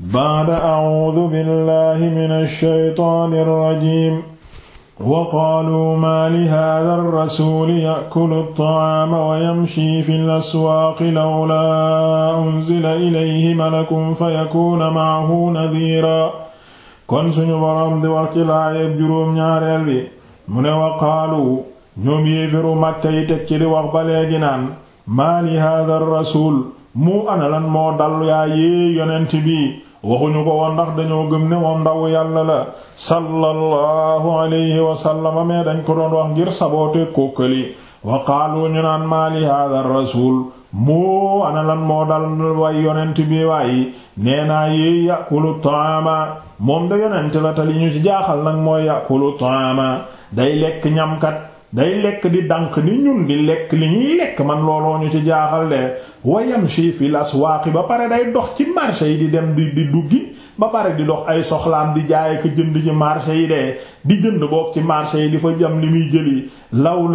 ba'da a'uudu billahi mina shaytaani rajiim wa qaaluu maa li haadha rrasuuli ya'kulu at-ta'aama wa yamshii fil aswaaqi lawlaa unzila ilayhi malakun fayakuuna ma'ahu nadiiraa kon suñu boroom di wax ci laayeb juróom ñaareel bi mu ne wa qaalu ñoom yéefiru Makka yi teg ci di wax ba léegi naan maa li haadha rrasuul mu ana lan moo dal yaa yee yonent bi waxuñu ko woon ndax dañoo gëm ne moom ndaw yàlla la sallallahu alayhi wa sallam mais dañ ko doon wax ngir saboote kókkali wa qaalu ñu naan maa li hada rasul moo lan moo dal way yonent bi waayi nee naa yéey yàkulu taama moom da yonent la te li ñu ci jaaxal nag mooy yàkulu taama day lekk ñamkat day lekk di dànq ni ñun di lekk li ñuy lekk man looloo ñu ci jaaxal de wa yamshi fil aswaaqi ba pare day dox ci marché yi di dem di di duggi ba pare di dox ay soxlaan di jaay ak jënd ci marché yi de di jënd boog ci marché yi di fa jam li muy jëli law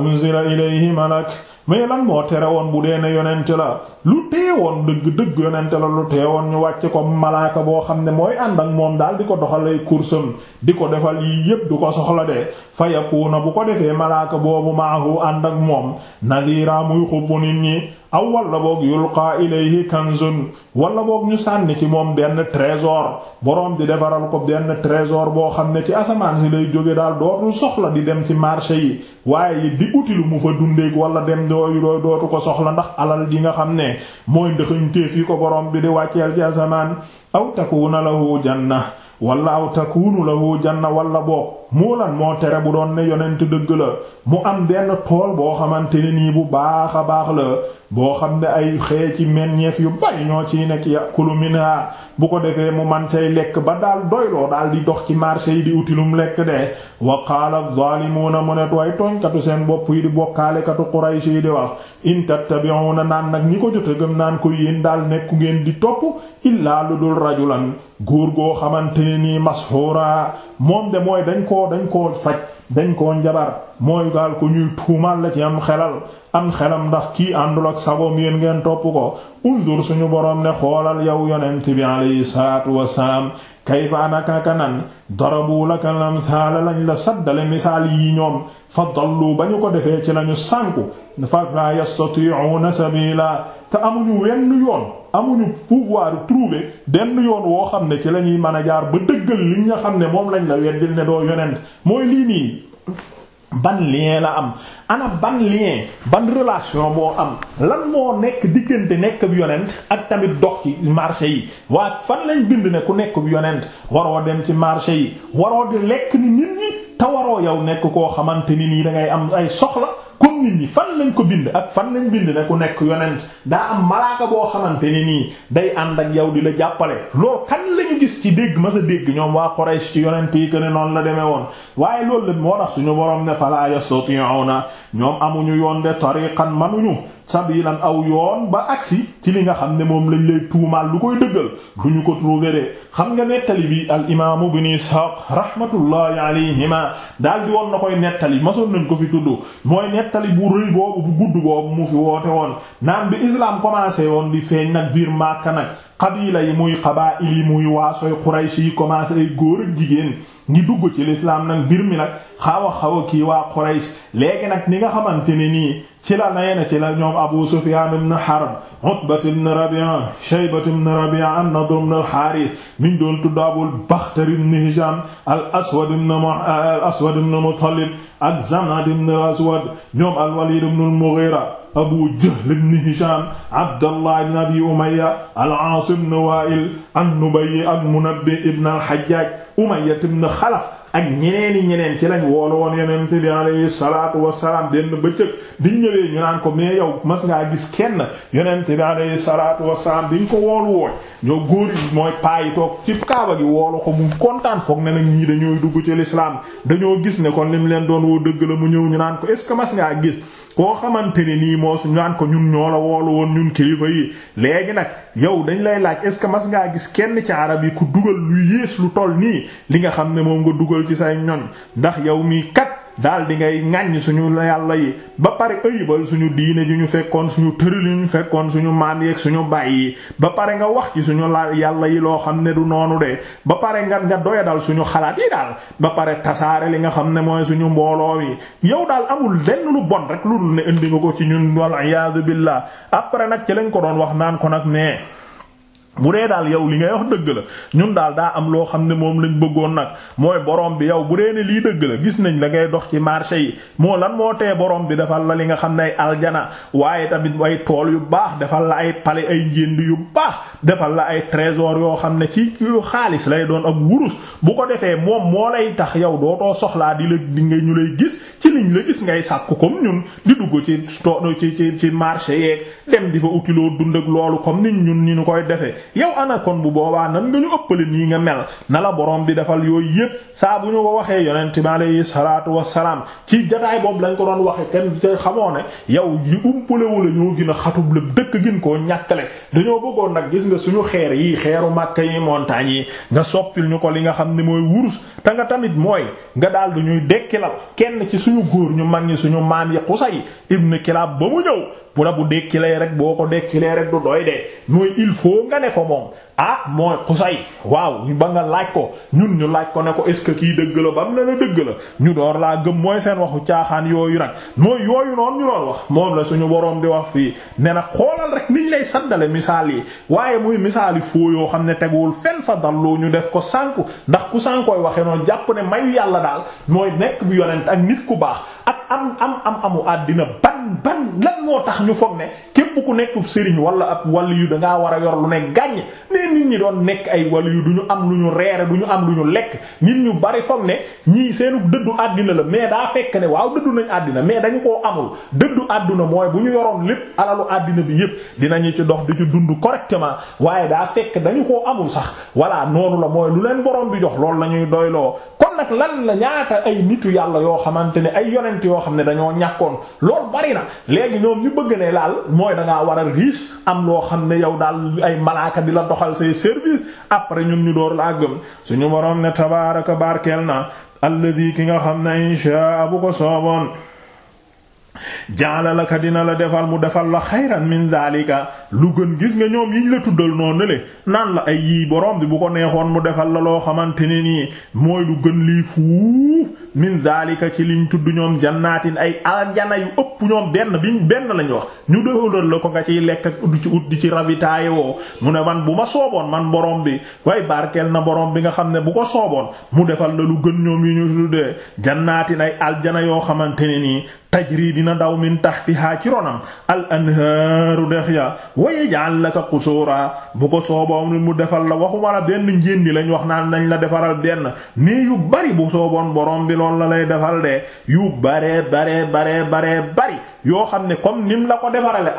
unzila ilayhi malak mais lan moo tere woon bu dee ne yonente la lu teewoon dëgg dëgg yonente la lu teewoon ñu wàcce ko malaaka boo xam ne mooy ànd ak moom daal di ko doxalay kursam di ko defal yii yépp du ko soxla de fa na bu ko defee malaaka boobu maahu ànd ak moom nadira muy xubbu nit ñi aw walla boog yulqaa ilayhi kanzun walla boog ñu sànni ci moom benn trésor borom bi defaral ko benn trésor boo xam ne ci asamaan si lay jóge daal dootul soxla di dem ci marché yi waaye yi di uti lu mu fa dundeek walla dem dooyu dooy dootu ko soxla ndax alal ji nga xam ne mooy ndëxëñteef yi ko borom bi di wàcceel ci asamaan aw takuuna lahu na walla aw takuunu lahu na walla boog moo lan moo tere bu doon ne yonent dëgg la mu am benn tool boo xamante ne nii bu baax a baax la boo xam ne ay xee ci meññeef yu bari ñoo ciy nekk yakulu minha bu ko defee mu man sey lekk ba daal doyloo daal di dox ci marché yi di utilum lekk de wa qaala zaalimuuna mu ne way tooñkatu seen bopp yi di bokkaalekatu Quraysh yi di wax in na naan nag ñi ko jota gëm naan ku yéen daal nekku ngeen di topp illaa lu dul rajulan góor goo xamante ni nii moom de koo dañ koo faj dañ koo njabar mooy gaal ko ñuy tuumal la ci am xelal am xelam ndax kii àndul ak saboom yéen ngeen topp ko undur suñu boroom ne xoolal yow yonent bi alayhi salaatu wassalaam kayfa naka nan darabu laka lamsaala lañ la saddale misaal yi ñoom fa dallu ba ñu ko defee ci lañu sànku fa la yastati'una sabila te amuñu wenn yoon amuñu pouvoir trouver denn yoon woo xam ne ci lañuy mën a jaar ba dëggal li nga xam ne moom lañ la weddil ne doo yonent mooy lii nii ban lien la am ana ban lien ban relation boo am lan moo nekk diggante nekk bu yonent ak tamit dox ci marché yi waa fan lay bind ne ku nekk bu yonent waroo dem ci marché yi waroo di lekk ni nit ñi te waroo yow nekk koo xamante ni nii da ngay am ay soxla nit fan lañ ko bind ak fan lañ bind ne ku nekk yonent daa am malaaka boo xamante ni nii day ànd ak yow di la jàppale loolu kan lañu gis ci dégg ma sa dégg ñoom waa Quraysh ci yonent yi que ne noonu la demee woon waaye loolu la moo tax suñu borom ne fala yastati'una ñoom amuñu yoon de tariqan manuñu sabilan aw yoon ba agsi ci li nga xam ne moom lañ lay tuumaal lu koy dëggal lu ñu ko trouvé xam nga nettali bi al imaamu ibn Ishaq rahmatullahi alayhima daal di woon na koy nettali masoon nañ ko fi tudd mooy nettali bu rëy boobu bu gudd boobu mu fi woote woon naan bi islam commencé woon di feeñ nag biir Makka nag xabiila yi muy xabaa'il yi muy waasoy Quraysh yi commencé ay góor ak jigéen ngi dugg ci lislaam nag mbir mi nag xaw a xaw kii waa Quraysh léegi nag ni nga xamante ne nii ci la nee na ci la ñoom Abu Sufyaan ibn Harb Utbat ibn Rabi'a Shaybat ibn Rabi'a an-Nadr ibn al-Harith miñ doon tudd Abul Bakhtar al-Aswad ibn Muttalib ak Zam'at ibn aswad ñoom al-Walid ibn al-Mughira abu jahl ibn hisham abdallah ibn abi umayya al-aas ibn wa'il an-nubay ak munabbi ibn al-hajjaj umayya ibn xalaf ak ñeneeni ñeneen ci lañ woolu woon yonent bi alayhi salaatu wasalaam denn bëccëg di ñëwee ñu naan ko mais yow mas ngaa gis kenn yonent bi alayhi salaatu wasalaam diñ ko woolu wooñ ñoo góor yi mooy paayi toog ci kaaba gi woolu ko mu kontaan foog ne nag ñii dañooy dugg ci lislaam dañoo gis ne kon lim leen doon woo dëgg la mu ñëw ñu naan ko est ce que mas ngaa gis koo xamante ne nii moo su ñu naan ko ñun ñoo la woolu woon ñun kilifa yi léegi nag yow dañu lay laaj est ce que mas ngaa gis kenn ci arab yi ku dugal lu yées lu toll nii li nga xam ne moom nga dugal mbugal ci say ñoñ ndax yow mii kat daal di ngay ŋàññ suñu yàlla yi ba pare ëyibal suñu diine ji ñu fekkoon suñu tëril ñu fekkoon suñu maan yeeg suñu baay yi ba pare nga wax ci suñu la yàlla yi loo xam ne du noonu de ba pare nga nga doyadal suñu xalaat yi daal ba pare tasaare li nga xam ne mooy suñu mbooloo mi yow daal amul lenn lu bon rek lu dul ne indi nga ko ci ñun wal iyaadu billah après nag ci lañ ko doon wax naan ko nag mais bu dee daal yow li ngay wax dëgg la ñun daal daa am loo xam ne moom lañ bëggoon nag mooy borom bi yow bu dee ne lii dëgg la gis nañ la ngay dox ci marché yi moo lan moo tee borom bi defal la li nga xam ne ay aljana waaye tamit ay tool yu baax defal la ay pale ay njënd yu baax defal la ay trésor yoo xam ne ci xaalis lay doon ak wurus bu ko defee moom moo lay tax yow dootoo soxlaa di la ñu lay gis ci liñ la ngay sàkk comme ñun di dugg ci ci ci marché yeeg dem di fa uti dund ak loolu comme ni ñun ni ñu koy defee. yow ana kon bu boobaa nan nga ñu ëppale nii nga mel na la borom bi defal yooyu yépp saa bu ñu ko waxee yonent bi alayhi salaatu wassalaam ci jotaay boobu lañ ko doon waxe kenn te xamoo ne yow yi umpalewu la ñoo gën a la dëkk gin koo ñàkkale dañoo bëggoon nag gis nga suñu xeer yi xeeru Makka yi montagnes yi nga soppil ñu ko li nga xam ne mooy wurus te nga tamit mooy nga daal du ñuy dekkilal kenn ci suñu góor ñu mag ñi suñu maam yi Qusay ibn Kilab ba mu ñëw bu la bu dekkilee rek boo ko dekkilee rek du doy de mooy il faut nga ne ne ko moom ah mooy xusay waaw ba nga laaj ko ñun ñu laaj ko ne ko est-ce que kii dëgg la ba mu ne la dëgg la ñu door laa gëm mooy seen waxu caaxaan yooyu nag mooy yooyu noonu ñu wax moom la suñu boroom di wax fii ne na xoolal rek niñ lay saddale misaal yi waaye muy misaal yi foo yoo xam ne teguwul fenn fa dalloo ñu def ko sànku ndax ku sànkooy waxee noonu jàpp ne mayu yàlla daal mooy nekk bi yonent ak nit ku baax ak am am am amu àddina ban ban lan moo tax ñu képp ku nekkub sëriñ wala ab waliyu dangaa war a yor lu ne gàññ ne nit ñi doon nekk ay waliyu du ñu am lu ñu reere du ñu am lu ñu lekk nit ñu bari foog ne ñii seenu dëddu àddina la mais daa fekk ne waaw dëddu nañ àddina mais dañu koo amul dëddu àdduna mooy bu ñu yoroon lépp alalu àddina bi yépp dinañu ci dox di ci dund correctement waaye daa fekk dañu koo amul sax voilà noonu la mooy lu leen borom bi jox loolu la ñuy doyloo kon nag lan la ñaata ay nitu yàlla yoo xamante ne ay yonent yoo xam ne dañoo ñàkkoon loolu bari na léegi ñoom ñu bëgg ne laal mooy dangaa war a riche am loo xam ne yow daal ay malaaka di la doxal say service après ñun ñu door la gëm suñu boroom ne tabaaraka barkeel na alladi ki nga xam ne inshaa bu ko sooboon jaala laka dina la defal mu defal la xayran min daalika lu gën gis nga ñoom yiñ la tuddal noonu le naan la ay yii borom bi bu ko neexoon mu defal la loo xamante ne nii mooy lu gën lii fuuf min daalika ci liñ tudd ñoom jannaatin ay aljana yu ëpp ñoom benn biñ benn lañu wax ñu doxalal la ko nga ciy lekk ak udd ci ut di ci ravitaay woo mu ne man bu ma sooboon man borom bi waaye barkeel na borom bi nga xam ne bu ko sooboon mu defal la lu gën ñoom yu ñu tuddee jannaatin ay aljana yoo xamante ne nii tajri dina daw min tahtiha ci ronam al anhaaru dex ya wa yaj'al laka qusura bu ko sooboon mu defal la waxuma la benn njéndi lañ wax naan lañu la defaral benn nii yu bari bu sooboon borom bi loolu la lay defal de yu bare bare bare bare yoo xam ne comme mu la ko defarale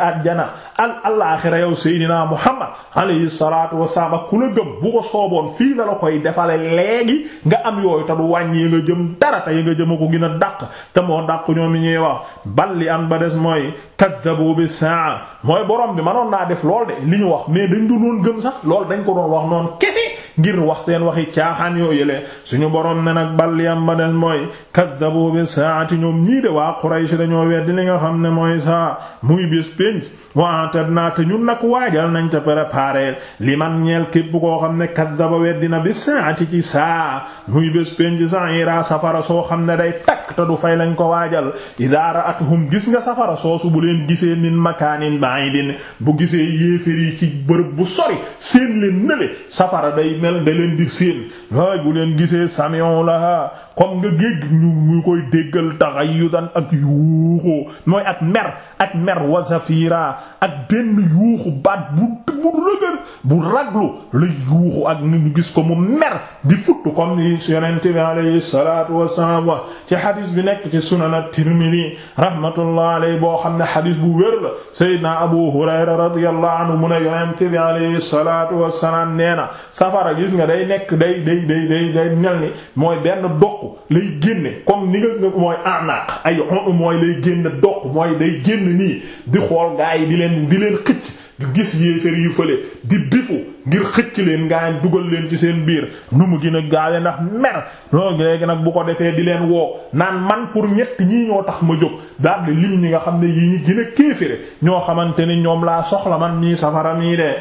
àjjana al alaaxira yow seydinaa muhammad alayhi salaatu wasalaam ak ku la gëm bu ko sooboon fii la la koy defale léegi nga am yooyu te du wàññi nga jëm dara te nga jëm a ko gën a dàq te moo dàq ñoom yi ñuy wax bal li am ba des mooy kaddabu bi saa mooy borom bi manoon naa def lool de li ñu wax mais dañ du doon gëm sax lool dañ ko doon wax noonu kese ngir wax seen waxi caaxaan yoo yële suñu borom ne nag bal yam ba mooy kaddabu bi saati ñoom ñii de waa Quraysh dañoo weddi li nga xam ne mooy saa muy bis pénc waa waatadna te ñun nag waajal nañ te préparé li man ñeel képp koo xam ne kaddaba weddina bi saati ci saa muy bés penc san ira safara soo xam ne day takk te du fay lañ ko waajal idaara athum gis nga safara soosu bu leen gisee min makaanin ba'idin bu gisee yéefér yi ci bërëb bu sori seen leen nële safara day mel da leen di seen waay bu leen gisee samion laha comme nga géeg ñu ñu koy déggal taxayudan ak yuuxu mooy ak mer ak mer wasafira ak benn yuuxu baat bu bu rëgër la yuuxu ak ni gis ko mu mer di futt comme ni yonent bi alayhi salatu wasalaam bi nekk ci sunan at-Tirmidhi rahmatullah boo xam ne xadis bu wér la sayyidina Abu Hurayra radiyallahu anhu mu ne yonent bi alayhi salatu wasalaam nee na safara gis nga day nekk day day day day ni mooy benn doq doq lay génne comme ni nga mooy anaq ay mooy lay génne doq mooy day génn nii di xool gaa yi di leen di leen xëcc gis yéefér yu fële di bifu ngir xëcc leen ngaañ dugal leen ci seen biir nu mu gën a gaawe ndax mer non léegi nag bu ko defee di leen woo naan man pour ñett ñii ñoo tax ma jóg daal di lim ñi nga xam ne yi ñi gën a ñoo xamante ni ñoom laa soxla man mii safara mii de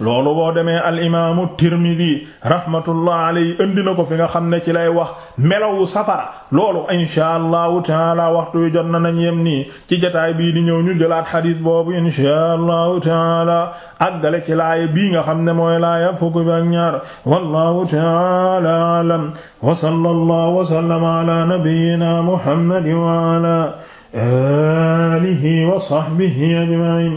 loolu boo demee al imaamu tirmidi rahmatullah alayhi indi na ko fi nga xam ne ci lay wax melowu safara loolu insha allahu taala waxtu wi jot na nañ yem nii ci jotaay bii di ñëw ñu jëlaat xadiis boobu insha allahu taala àggale ci lay bii nga xam ne mooy laaya fukk bi ñaar wallahu taala alam wa sallallahu wa sallama ala nabiyyina muhammadin wa ala alihi wa sahbihi ajma'in